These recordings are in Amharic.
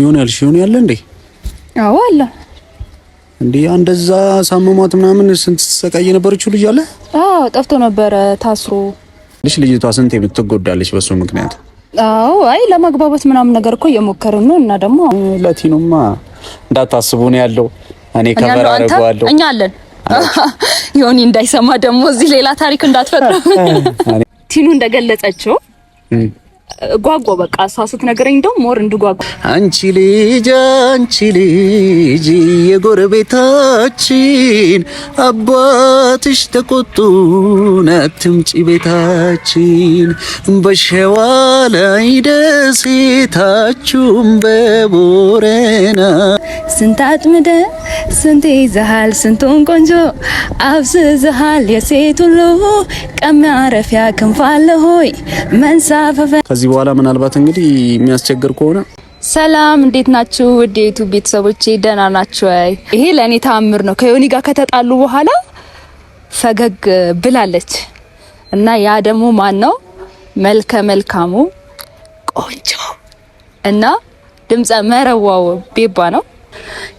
ይሁን ያልሽ ይሁን ያለ እንዴ? አዎ አለ እንዴ። እንደዛ ሳመሟት ምናምን ስንት ሰቃይ የነበረችው ልጅ አለ። አዎ ጠፍቶ ነበረ ታስሮ። ልጅ ልጅቷ ስንት የምትጎዳለች በሱ ምክንያት። አዎ አይ ለማግባባት ምናምን ነገር እኮ እየሞከርን ነው። እና ደግሞ ለቲኑማ እንዳታስቡ ነው ያለው። እኔ ከበር አደርገዋለሁ። እኛ አለን ዮኒ እንዳይሰማ ደግሞ እዚህ ሌላ ታሪክ እንዳትፈጥረው። ቲኑ እንደገለጸችው ጓጓ በቃ እሷ ስትነግረኝ እንደው ሞር እንድጓጓ። አንቺ ልጅ አንቺ ልጅ የጎረቤታችን አባትሽ ተቆጡ አትምጪ ቤታችን በሸዋ ላይ ደሴታችሁም በቦረና ስንት አጥምደ ስንት ይዘሃል ስንቱን ቆንጆ አብዝዝሃል የሴት ሁሉ ቀሚያረፊያ ክንፋለ ሆይ መንሳፈፈ ከዚህ በኋላ ምናልባት እንግዲህ የሚያስቸግር ከሆነ ሰላም እንዴት ናችሁ? ውድ የዩቱብ ቤተሰቦቼ ደህና ናችሁ? ይሄ ለእኔ ተአምር ነው። ከዮኒ ጋር ከተጣሉ በኋላ ፈገግ ብላለች እና ያ ደግሞ ማን ነው? መልከ መልካሙ ቆንጆ እና ድምፀ መረዋው ቤባ ነው።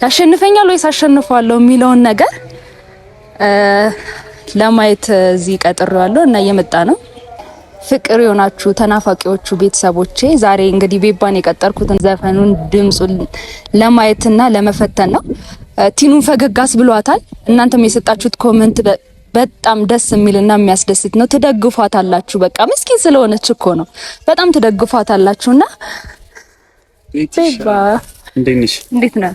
ያሸንፈኛል ወይስ አሸንፏለሁ የሚለውን ነገር ለማየት እዚህ ቀጥሬዋለሁ እና እየመጣ ነው ፍቅር የሆናችሁ ተናፋቂዎቹ ቤተሰቦቼ ዛሬ እንግዲህ ቤባን የቀጠርኩትን ዘፈኑን ድምፁን ለማየትና ለመፈተን ነው። ቲኑን ፈገጋስ ብሏታል። እናንተም የሰጣችሁት ኮመንት በጣም ደስ የሚልና የሚያስደስት ነው። ትደግፏታላችሁ። በቃ ምስኪን ስለሆነች እኮ ነው። በጣም ትደግፏታላችሁና ቤባ እንዴት አለ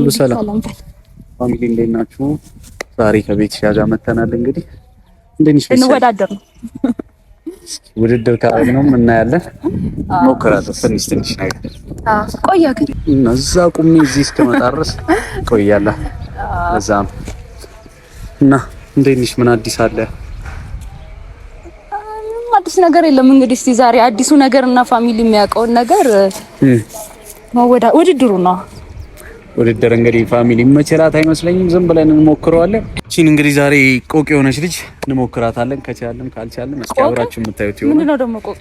እንዴት ሰላም ፋሚሊ፣ እንዴት ናችሁ? ዛሬ ከቤት ሻጃ መተናል። እንግዲህ እንደንሽ እንወዳደር ነው ውድድር ካረግ ነው እናያለን። ሞክራለሁ ትንሽ ትንሽ ነገር ቆያ ግን እዛ ቁሜ እዚህ እስከመጣ ድረስ ቆያለሁ። እዛ ነው እና እንደንሽ ምን አዲስ አለ? አዲስ ነገር የለም። እንግዲህ እስቲ ዛሬ አዲሱ ነገር እና ፋሚሊ የሚያውቀውን ነገር ውድድሩ ነው ውድድር እንግዲህ ፋሚሊ መችላት አይመስለኝም። ዝም ብለን እንሞክረዋለን። እቺን እንግዲህ ዛሬ ቆቅ የሆነች ልጅ እንሞክራታለን። ከቻለም ካልቻለም እስኪ አብራችሁ የምታዩት ይሆናል። ምንድነው ደግሞ ቆቅ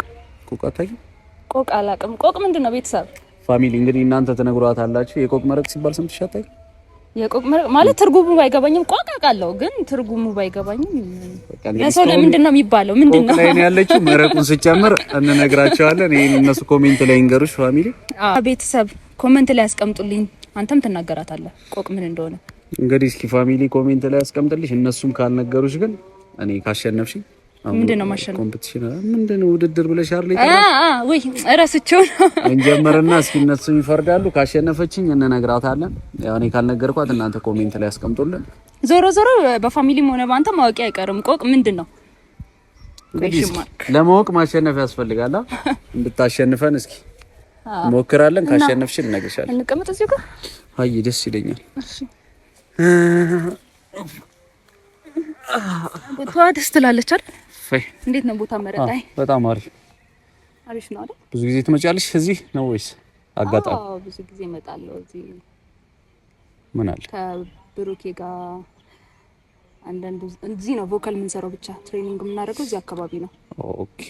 ቆቅ አታዩ ቆቅ አላቅም። ቆቅ ነው? ቤተሰብ ፋሚሊ እንግዲህ እናንተ ትነግሯት አላችሁ። የቆቅ መረቅ ሲባል ሰምተሽ የቆቅ መረቅ ማለት ትርጉሙ ባይገባኝም ቆቅ አውቃለሁ፣ ግን ትርጉሙ ባይገባኝም ለሰው ለምንድን ነው የሚባለው? ምንድን ነው ላይ ያለችው መረቁን ስጨምር እንነግራቸዋለን። ይሄን እነሱ ኮሜንት ላይ እንገሩሽ ፋሚሊ ቤተሰብ ኮመንት ላይ ያስቀምጡልኝ። አንተም ትናገራታለህ ቆቅ ምን እንደሆነ። እንግዲህ እስኪ ፋሚሊ ኮሜንት ላይ ያስቀምጥልሽ። እነሱም ካልነገሩሽ ግን እኔ ካሸነፍሽ ምንድን ነው ማሸነፍ? ኮምፒቲሽን ምንድን ነው ውድድር ብለሽ አይደል? ወይ እረስቸው ነው እንጀምርና እስኪ እነሱ ይፈርዳሉ። ካሸነፈችኝ እንነግራታለን። ያው እኔ ካልነገርኳት እናንተ ኮሜንት ላይ ያስቀምጡልን። ዞሮ ዞሮ በፋሚሊም ሆነ በአንተ ማወቂ አይቀርም። ቆቅ ምንድን ነው ለማወቅ ማሸነፍ ያስፈልጋላ እንድታሸንፈን እስኪ ሞክራለን። ካሸነፍሽ እነግርሻለሁ። እንቀመጥ እዚህ ጋር። አይ ደስ ይለኛል። ቦታ ደስ ትላለች አይደል? እንዴት ነው ቦታ መረጣይ? በጣም አሪፍ አሪፍ ነው አይደል? ብዙ ጊዜ ትመጫለሽ እዚህ ነው ወይስ አጋጣሚ? አዎ ብዙ ጊዜ እመጣለሁ እዚህ። ምን አለ ከብሩኬ ጋር አንዳንድ እዚህ ነው ቮካል የምንሰራው ብቻ ትሬኒንግ የምናደርገው እዚህ አካባቢ ነው። ኦኬ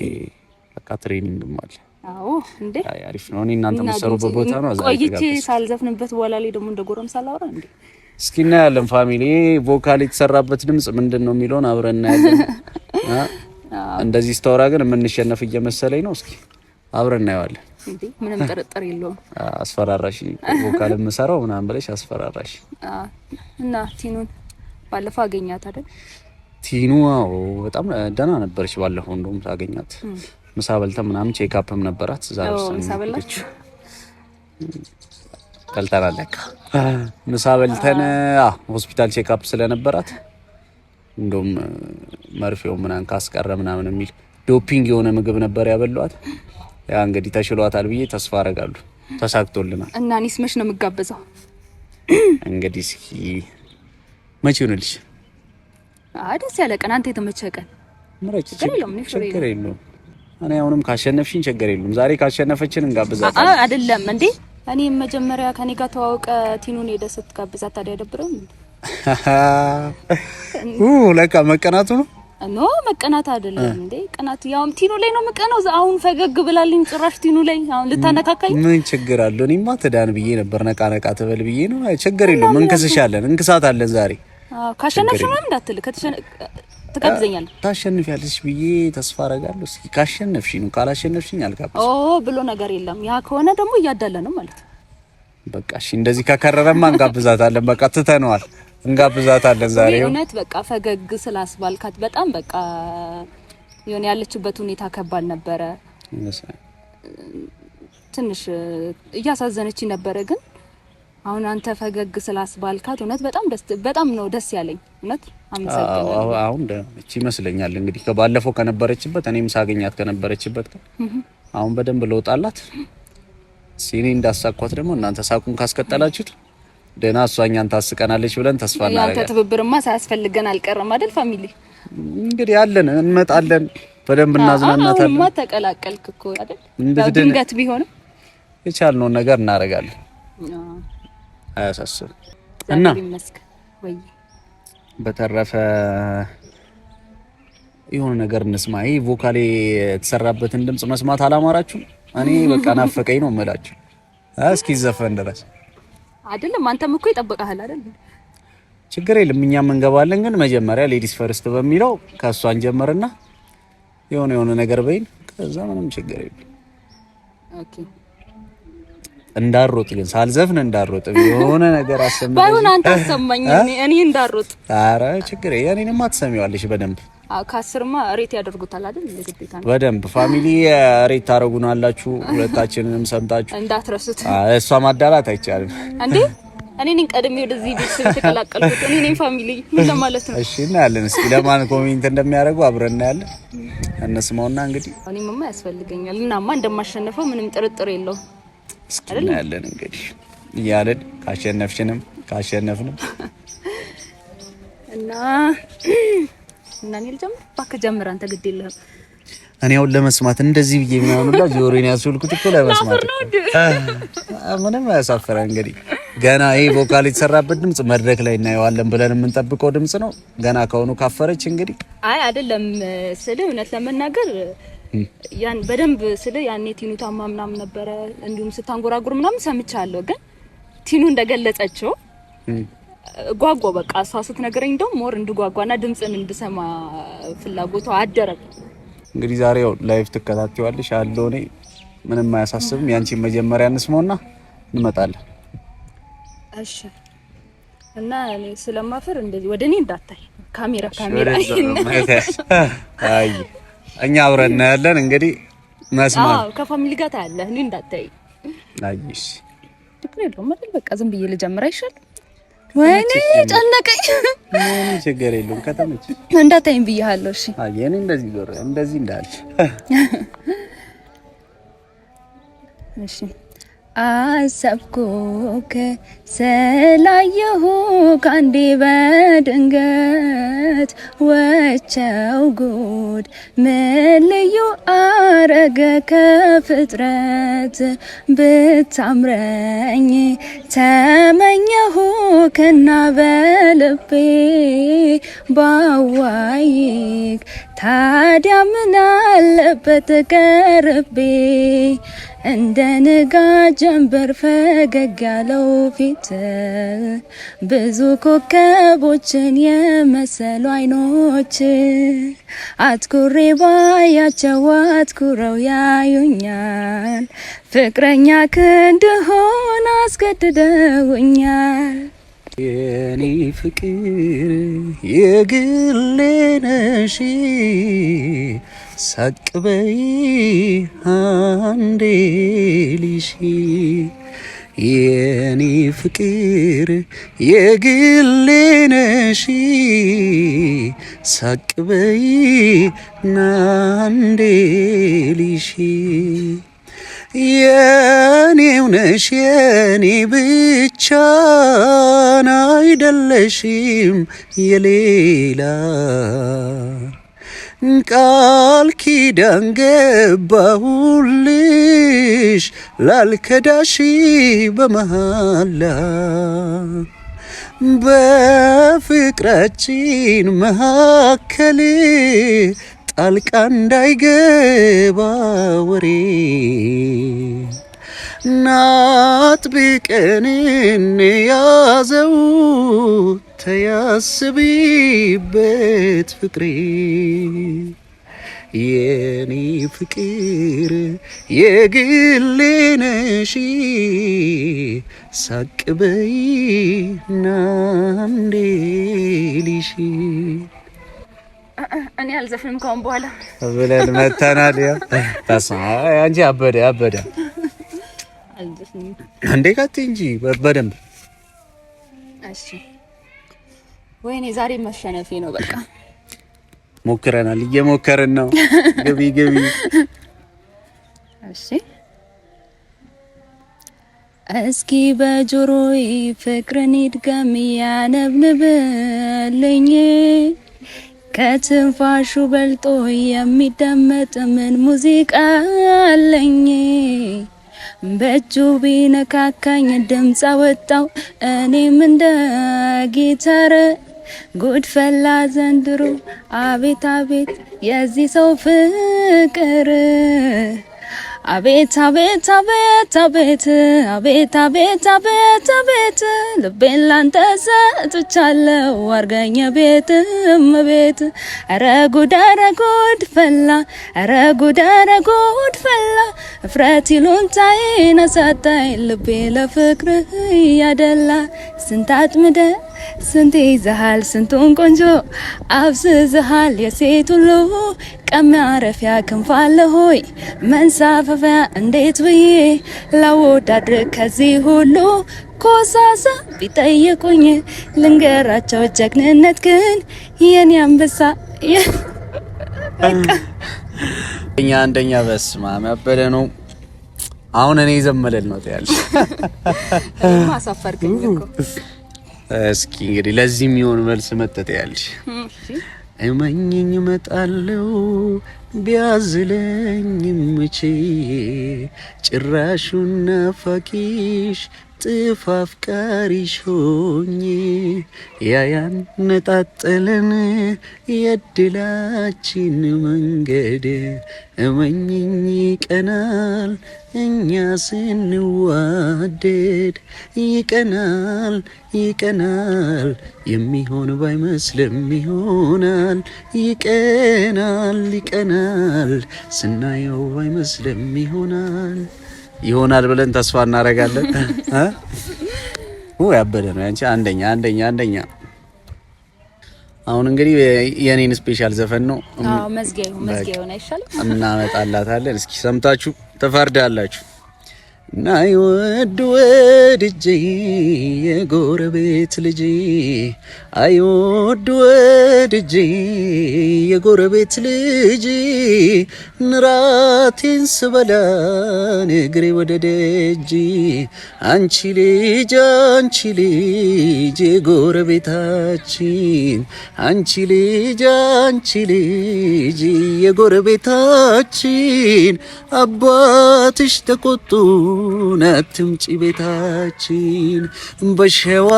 በቃ ትሬኒንግም አለ አዎ እንዴ አይ አሪፍ ነው። እኔ እናንተ መሰሩበት ቦታ ነው። አዛ ቆይቼ ሳልዘፍንበት በኋላ ላይ ደግሞ እንደ ጎረምሳ ሳላወራ እንዴ እስኪ እናያለን። ፋሚሊ ቮካል የተሰራበት ድምጽ ምንድን ነው የሚለውን አብረን እናያለን። እንደዚህ ስታወራ ግን የምንሸነፍ እየመሰለኝ ነው። እስኪ አብረን እናየዋለን። ምንም ጥርጥር የለውም። አስፈራራሽ። ቮካል የምሰራው ምናምን ብለሽ አስፈራራሽ። እና ቲኑን ባለፈው አገኛት አይደል? ቲኑ በጣም ደህና ነበረች። ባለፈው እንደውም ታገኛት ምሳ በልተ ምናምን ቼክአፕም ነበራት። ዛሬ ምሳ ምሳ በልተን ሆስፒታል ቼክአፕ ስለነበራት እንደውም መርፌው ምናምን ካስቀረ ምናምን የሚል ዶፒንግ የሆነ ምግብ ነበር ያበሏት። ያ እንግዲህ ተሽሏታል ብዬ ተስፋ አደርጋለሁ። ተሳክቶልናል። እና እኔስ መች ነው የምጋበዘው? እንግዲህ እስኪ መቼ ይሆንልሽ? ደስ ያለ ቀን፣ አንተ የተመቸ ቀን ምረጭ። ችግር የለውም እኔ አሁንም ካሸነፍሽኝ ችግር የለም። ዛሬ ካሸነፈችን እንጋብዛታለን። አይደለም እንዴ እኔ መጀመሪያ ከኔ ጋር ተዋውቀ ቲኑን ሄደህ ስትጋብዛት ታዲያ አይደብርም? ለካ መቀናቱ ነው። ኖ መቀናት አይደለም እንዴ ቅናቱ፣ ያውም ቲኑ ላይ ነው መቀናው። አሁን ፈገግ ብላልኝ ጭራሽ ቲኑ ላይ አሁን ልታነካካኝ። ምን ችግር አለው? እኔማ ትዳን ብዬ ነበር ነቃ ነቃ ትበል ብዬ ነው። ችግር የለውም። እንክስሻለን፣ እንክሳት አለን ዛሬ ካሸነፍሽ ምናምን እንዳትል ትጋብዘኛለህ? ታሸንፊያለሽ ብዬ ተስፋ አደርጋለሁ። እስኪ ካሸነፍሽኝ ነው፣ ካላሸነፍሽኝ አልጋብዝም። ኦ ብሎ ነገር የለም። ያ ከሆነ ደግሞ እያዳለ ነው ማለት ነው። በቃ። እሺ እንደዚህ ከከረረማ እንጋብዛታለን። በቃ ትተነዋል፣ እንጋብዛታለን። ዛሬ እውነት በቃ ፈገግ ስላስባልካት በጣም በቃ የሆነ ያለችበት ሁኔታ ከባድ ነበረ። ትንሽ እያሳዘነች ነበረ ግን አሁን አንተ ፈገግ ስላስባልካት እውነት በጣም ደስ በጣም ነው ደስ ያለኝ። እውነት አመሰግናለሁ። አሁን እቺ ይመስለኛል እንግዲህ ከባለፈው ከነበረችበት እኔም ሳገኛት ከነበረችበት አሁን በደንብ ለውጣላት። ሲኔ እንዳሳኳት ደግሞ እናንተ ሳቁን ካስቀጠላችሁት ደህና እሷ እኛን ታስቀናለች ብለን ተስፋ እናደርጋለን። ያንተ ትብብርማ ሳያስፈልገን አልቀረም አይደል? ፋሚሊ እንግዲህ አለን፣ እንመጣለን፣ በደንብ እናዝናናታለን። አሁንማ ተቀላቀልክ እኮ አይደል? ድንገት ቢሆንም የቻልነውን ነገር እናደርጋለን። አያሳስብ እና በተረፈ የሆነ ነገር እንስማ። ይሄ ቮካሌ የተሰራበትን ድምፅ መስማት አላማራችሁም? እኔ በቃ ናፈቀኝ ነው የምላችሁ። እስኪ ዘፈን ድረስ አይደለም። አንተም እኮ ይጠብቃል አይደል? ችግር የለም እኛም እንገባለን። ግን መጀመሪያ ሌዲስ ፈርስት በሚለው ከእሷን ጀምርና የሆነ የሆነ ነገር በይን። ከዛ ምንም ችግር የለም። ኦኬ እንዳሮጥ ግን ሳልዘፍን እንዳሮጥ የሆነ ነገር አሰማኝ። ባይሆን አንተ አሰማኝ፣ እኔ እንዳሮጥ። ኧረ ችግር የኔንም አትሰሚዋለሽ በደንብ ከአስርማ ሬት ያደርጉታል አይደል? ግዴታ በደንብ ፋሚሊ ሬት ታደርጉናላችሁ። ሁለታችንንም ሰምታችሁ እንዳትረሱት። እሷ ማዳላት አይቻልም እንዴ እኔ ነኝ ቀድሜ ወደዚህ ቤት ስለተቀላቀልኩት እኔ ነኝ ፋሚሊ ምን ለማለት ነው? እሺ እናያለን። እስኪ ለማን ኮሜንት እንደሚያደርጉ አብረን እናያለን። እነስማውና እንግዲህ እኔም ማ ያስፈልገኛል እናማ እንደማሸነፈው ምንም ጥርጥር የለውም። እስኪናያለን እንግዲህ እያለን ካሸነፍሽንም ካሸነፍንም እና እና እኔ ልጀምር እባክህ ጀምር አንተ ግድ የለህም እኔ አሁን ለመስማት እንደዚህ ብዬ የሚሆኑላ ጆሮን ያስብልኩት እኮ ለመስማት ምንም አያሳፍረ እንግዲህ ገና ይህ ቮካል የተሰራበት ድምጽ መድረክ ላይ እናየዋለን ብለን የምንጠብቀው ድምጽ ነው። ገና ከሆኑ ካፈረች እንግዲህ አይ አይደለም ስል እውነት ለመናገር ያን በደንብ ስለ ያኔ ቲኑ ታማ ምናምን ነበረ እንዲሁም ስታንጎራጉር ምናምን ሰምቻለሁ። ግን ቲኑ እንደገለጸችው ጓጓ በቃ እሷ ስትነግረኝ እንደው ሞር እንድጓጓና ድምጽን እንድሰማ ፍላጎቷ አደረ። እንግዲህ ዛሬ ያው ላይቭ ትከታተዋለሽ አለው። እኔ ምንም አያሳስብም። ያንቺ መጀመሪያ እንስማውና እንመጣለን። እሺ። እና እኔ ስለማፈር እንደዚህ ወደኔ እንዳታይ ካሜራ ካሜራ አይ እኛ አብረን ነው ያለን። እንግዲህ መስማት አዎ፣ ከፋሚሊ ጋር ታያለህ። እኔ እንዳታይ አይሽ ትክክለ ነው ማለት በቃ ዝም ብዬ ልጀምር አይሻል? ወይኔ ጨነቀኝ። ምን ችግር የለውም ከተመች እንዳታይም ብዬሃለሁ። እሺ አይ እኔ እንደዚህ ዞር እንደዚህ እንዳልሽ እሺ አሰብኩ ስላየሁ ካንዴ በድንገት ወቸው ጉድ ምን አረገ ከፍጥረት ብታምረኝ ተመኘሁ ከና በልቤ ታዲያ ምን አለበት ቀርቤ እንደ ንጋ ጀንበር ፈገግ ያለው ፊት አንተ ብዙ ኮከቦችን የመሰሉ አይኖች አትኩሬ ባያቸው አትኩረው ያዩኛል። ፍቅረኛ ክንድሆን አስገድደውኛል። የኔ ፍቅር የግሌ ነሽ ሳቅበይ አንዴ ልሽ የኔ ፍቅር የግሌ ነሽ ሳቅበይ ናንዴ ልሽ የኔው ነሽ የኔ ብቻ አይደለሽም የሌላ ቃል ኪዳን ገባሁልሽ ላልከዳሽ በመሃላ በፍቅራችን መካከል ጣልቃ እንዳይገባ ወሬ ናጥብቀን እንያዘው ተያስቢበት ፍቅሬ የኔ ፍቅር የግሌ ነሽ ሳቅበይ ናምዴልሽ እኔ አልዘፍንም ካሁን በኋላ ብለን መተናል። አንቺ አበደ አበደ አንዴ ካቴ እንጂ በደንብ እሺ። ወይኔ ዛሬ መሸነፌ ነው። በቃ ሞክረናል፣ እየሞከርን ነው። ግቢ ግቢ። እሺ እስኪ በጆሮዬ ፍቅርን ይድገም ያነብንብልኝ ከትንፋሹ በልጦ የሚደመጥ ምን ሙዚቃ አለኝ በእጁ ቢነካካኝ ድምፅ አወጣው እኔም እንደ ጊታር ጉድ ፈላ ዘንድሮ አቤት አቤት የዚህ ሰው ፍቅር አቤት አቤት አቤት አቤት አቤት አቤት አቤት አቤት ልቤን ላንተ ሰጥቻለሁ አርገኝ ቤት እመቤት ኧረ ጉድ ኧረ ጉድ ፈላ ኧረ ጉድ ኧረ ጉድ ፈላ እፍረት ይሉንታዬን አሳጣኝ ልቤ ለፍቅር እያደላ ስንት ስንት ይዘሃል ስንቱን ቆንጆ አብዝዝሃል የሴት ሁሉ ቀሚያረፊያ ክንፋለ ሆይ መንሳፈፊያ እንዴት ብዬ ላወዳድር ከዚህ ሁሉ ኮሳሳ ቢጠየቁኝ ልንገራቸው ጀግንነት ግን የኔ አንበሳ እኛ አንደኛ በስማ መበለ ነው። አሁን እኔ ዘመለል ነው ያለሽ። ማሳፈርከኝ እኮ እስኪ እንግዲህ ለዚህ የሚሆን መልስ መጠጥ ያልሽ እመኝኝ መጣለው ቢያዝለኝ ምቼ ጭራሹን ናፋቂሽ ጥፍ አፍቃሪሽ ሆኜ ያያነጣጠለን የድላችን መንገድ እመኝኝ ይቀናል እኛ ስንዋደድ ይቀናል ይቀናል የሚሆን ባይመስልም ይሆናል ይቀናል ይቀናል ስናየው ባይመስልም ይሆናል ይሆናል ብለን ተስፋ እናደርጋለን። ያበደ ነው ያንቺ አንደኛ አንደኛ አንደኛ። አሁን እንግዲህ የኔን ስፔሻል ዘፈን ነው እናመጣላታለን። እስኪ ሰምታችሁ አላችሁ ናይ ወድ ወድጄ የጎረቤት ልጅ አይ ወድ ወድጄ የጎረቤት ልጅ ንራቴን ስበላ እግሬ ወደ ደጅ አንቺ ልጅ አንቺ ልጅ የጎረቤታችን አንቺ ልጅ አንቺ ልጅ የጎረቤታችን አባትሽ ተቆጡ አትምጪ ቤታችን በሸዋ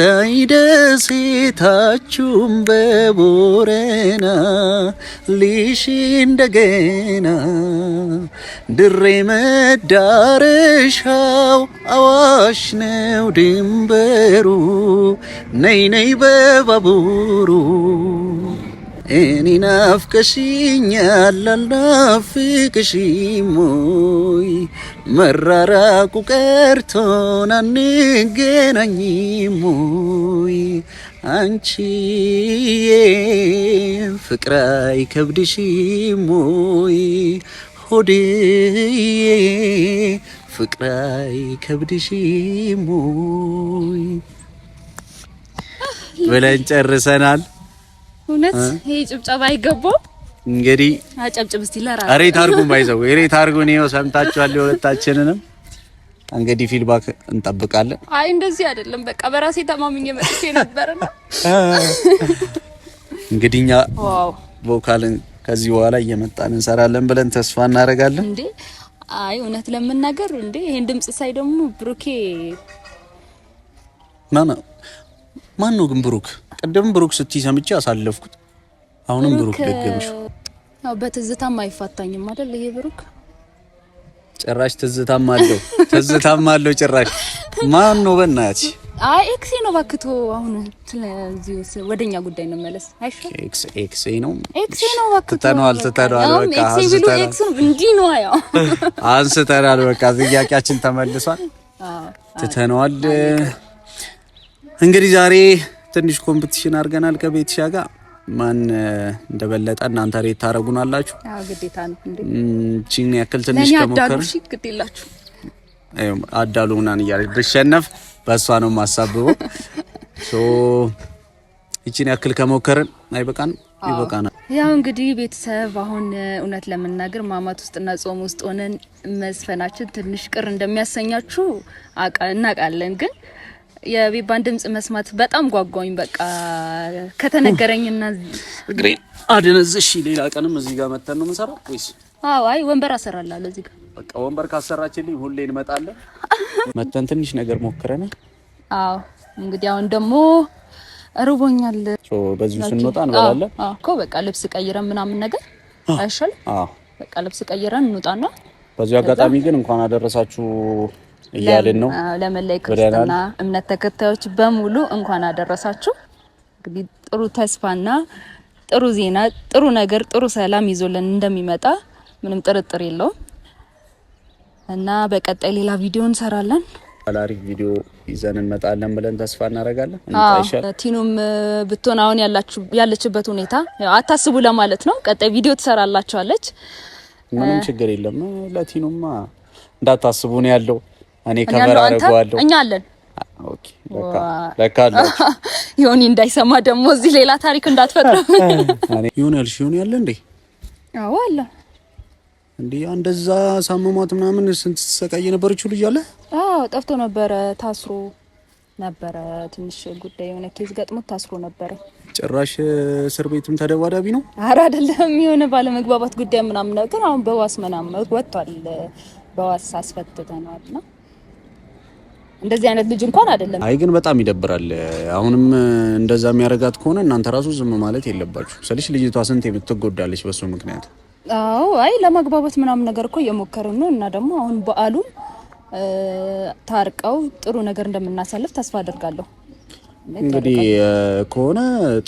ላይ ደሴታችሁም በቦረና ሊሽ እንደገና ድሬ መዳረሻው አዋሽ ነው ድንበሩ ነይ ነይ በባቡሩ እኔ ናፍቀሽኛል አልናፍቅሽም ወይ? መራራቁ ቀርቶን አንገናኝም ወይ? አንቺዬ ፍቅር አይከብድሽም ወይ? ሆዴዬ ፍቅር አይከብድሽም ወይ? ብለን ጨርሰናል። እውነት ይሄ ጭብጨባ አይገባውም። እንግዲህ አጨብጭብ እስቲ ለራስ አሬት አርጉ ማይዘው አሬት አርጉ ነው። ሰምታችኋል። የሁለታችንንም እንግዲህ ፊድባክ እንጠብቃለን። አይ እንደዚህ አይደለም፣ በቃ በራሴ ተማምኜ መጥቼ ነበርና እንግዲህ እኛ ቮካልን ከዚህ በኋላ እየመጣን እንሰራለን ብለን ተስፋ እናደርጋለን። እንዴ አይ እውነት ለመናገር እንዴ ይሄን ድምጽ ሳይ ደግሞ ብሩኬ ማነው? ማን ነው ግን ብሩክ ቅድም ብሩክ ስትይ ሰምቼ አሳለፍኩት። አሁንም ብሩክ ደገምሽ። በትዝታም አይፋታኝም አይደል ይሄ ብሩክ ጭራሽ ትዝታም አለው ትዝታም አለው ጭራሽ። ማን ነው በእናትሽ? አይ ኤክሴ ነው ባክቶ። አሁን ስለዚህ ወደኛ ጉዳይ ነው መለስ። አይሽ ኤክስ ኤክሴ ነው ኤክሴ ነው ባክቶ። ተነዋል ተተናል በቃ ኤክሴ ቢሉ ኤክስ እንዲህ ነው። ያው አንስተናል በቃ ጥያቄያችን ተመልሷል። ትተነዋል እንግዲህ ዛሬ ትንሽ ኮምፒቲሽን አድርገናል ከቤትሻ ጋር ማን እንደበለጠ እናንተ ሬት ታደርጉናላችሁ። ግዴታ ያክል ትንሽ ከሞከር አዳሉ ምናምን እያለች ብሸነፍ በእሷ ነው የማሳብበው። ይቺን ያክል ከሞከርን አይበቃን ይበቃናል። ያው እንግዲህ ቤተሰብ አሁን እውነት ለመናገር ማማት ውስጥና ጾም ውስጥ ሆነን መስፈናችን ትንሽ ቅር እንደሚያሰኛችሁ እናውቃለን ግን የቤባን ድምጽ መስማት በጣም ጓጓኝ። በቃ ከተነገረኝና እግሬ አደነዝሽ። ሌላ ቀንም እዚህ ጋር መተን ነው የምንሰራው ወይስ? አዎ፣ አይ ወንበር አሰራላለሁ እዚህ ጋር። በቃ ወንበር ካሰራችልኝ ሁሌ እንመጣለን። መተን ትንሽ ነገር ሞክረናል። አዎ፣ እንግዲህ አሁን ደግሞ እርቦኛል። ሶ በዚሁ ስንወጣ እንበላለን እኮ በቃ ልብስ ቀይረን ምናምን ነገር አይሻልም? አዎ፣ በቃ ልብስ ቀይረን እንውጣና በዚሁ አጋጣሚ ግን እንኳን አደረሳችሁ እያልን ነው። ለመላይ ክርስትና እምነት ተከታዮች በሙሉ እንኳን አደረሳችሁ። እንግዲህ ጥሩ ተስፋና ጥሩ ዜና፣ ጥሩ ነገር፣ ጥሩ ሰላም ይዞልን እንደሚመጣ ምንም ጥርጥር የለውም እና በቀጣይ ሌላ ቪዲዮ እንሰራለን። አሪፍ ቪዲዮ ይዘን እንመጣለን ብለን ተስፋ እናደርጋለን። ቲኑም ብትሆን አሁን ያለችበት ሁኔታ አታስቡ ለማለት ነው። ቀጣይ ቪዲዮ ትሰራላችኋለች። ምንም ችግር የለም። ለቲኑማ እንዳታስቡ ነው ያለው። እኔ ከመራ አደርገዋለሁ። እኛ አለን። ኦኬ ለካ ለካ ዮኒ እንዳይሰማ ደግሞ እዚህ ሌላ ታሪክ እንዳትፈጥሩ። እኔ አልሽ? ሺዮን ያለ እንዴ? አዎ አለ እንዴ። እንደዛ ሳመሟት ምናምን ስንት ስትሰቃይ የነበረችው ልጅ አለ። አዎ ጠፍቶ ነበረ፣ ታስሮ ነበረ። ትንሽ ጉዳይ የሆነ ኬዝ ገጥሞት ታስሮ ነበረ። ጭራሽ እስር ቤትም ተደባዳቢ ነው። አረ አይደለም፣ የሆነ ባለመግባባት ጉዳይ ምናምን፣ ነው። ግን አሁን በዋስ ምናምን ወጥቷል። በዋስ አስፈትተናል ነው እንደዚህ አይነት ልጅ እንኳን አይደለም። አይ ግን በጣም ይደብራል። አሁንም እንደዛ የሚያደርጋት ከሆነ እናንተ ራሱ ዝም ማለት የለባችሁ ስልሽ፣ ልጅቷ ስንት የምትጎዳለች በሱ ምክንያት። አዎ አይ ለማግባባት ምናምን ነገር እኮ እየሞከርን ነው እና ደግሞ አሁን በአሉ ታርቀው ጥሩ ነገር እንደምናሳልፍ ተስፋ አድርጋለሁ። እንግዲህ ከሆነ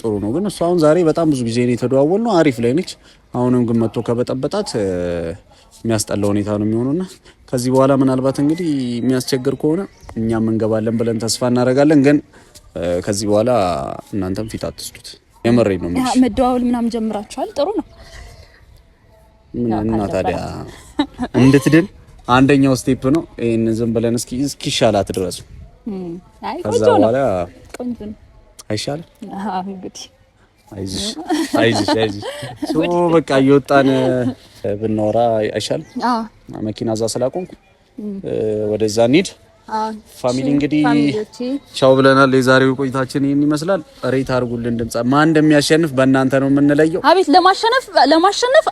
ጥሩ ነው። ግን እሱ አሁን ዛሬ በጣም ብዙ ጊዜ ነው የተደዋወል ነው። አሪፍ ላይ ነች። አሁንም ግን መጥቶ ከበጠበጣት የሚያስጠላ ሁኔታ ነው የሚሆኑና ከዚህ በኋላ ምናልባት እንግዲህ የሚያስቸግር ከሆነ እኛም እንገባለን ብለን ተስፋ እናደርጋለን። ግን ከዚህ በኋላ እናንተም ፊት አትስጡት። የመሬ ነው መደዋወል ምናምን ጀምራችኋል። ጥሩ ነው። እና ታዲያ እንድትድን አንደኛው ስቴፕ ነው። ይህን ዝም ብለን እስኪሻላት ድረሱ ከዛ በኋላ አይሻልም እንግዲህ አይዞሽ አይዞሽ አይዞሽ። በቃ እየወጣን ብናወራ አይሻልም? መኪና እዛ ስላቆምኩ ወደዛ እንሂድ። ፋሚሊ እንግዲህ ቻው ብለናል። የዛሬው ቆይታችን ይህን ይመስላል። ሬት አድርጉልን ድምጻ። ማን እንደሚያሸንፍ በእናንተ ነው የምንለየው። አቤት ለማሸነፍ ለማሸነፍ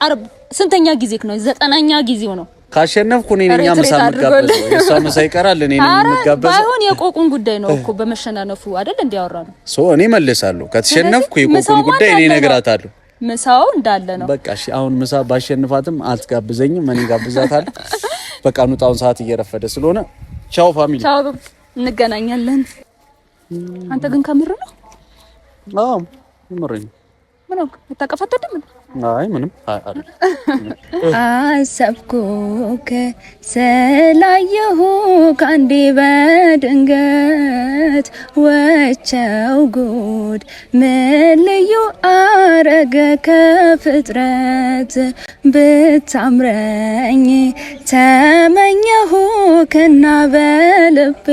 ስንተኛ ጊዜ ነው? ዘጠናኛ ጊዜው ነው። ካሸነፍኩ እኔ ነኝ አምሳ የምጋበዘው፣ እሷ ምሳ ይቀራል እኔ ነኝ የምጋበዘው። ባይሆን የቆቁን ጉዳይ ነው እኮ በመሸናነፉ አይደል እንዲያወራ ነው። ሶ እኔ መልሳለሁ። ከተሸነፍኩ የቆቁን ጉዳይ እኔ እነግራታለሁ። ምሳው እንዳለ ነው። በቃ እሺ፣ አሁን ምሳ ባሸንፋትም አትጋብዘኝም፣ እኔ ጋብዛታለሁ። በቃ ኑጣውን ሰዓት እየረፈደ ስለሆነ ቻው ፋሚሊ፣ ቻው፣ እንገናኛለን። አንተ ግን ከምር ነው? አዎ ምር ምን ነው ተቀፈተደም አይ ምንም አሰብኩ ከሰላየሁ ከአንዴ በድንገት ወቸው ጉድ ምን ልዩ አረገ ከፍጥረት ብታምረኝ ተመኘሁ ከና በልቤ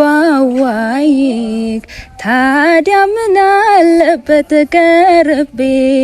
ባዋይክ ታዲያ ምን አለበት ቀርቤ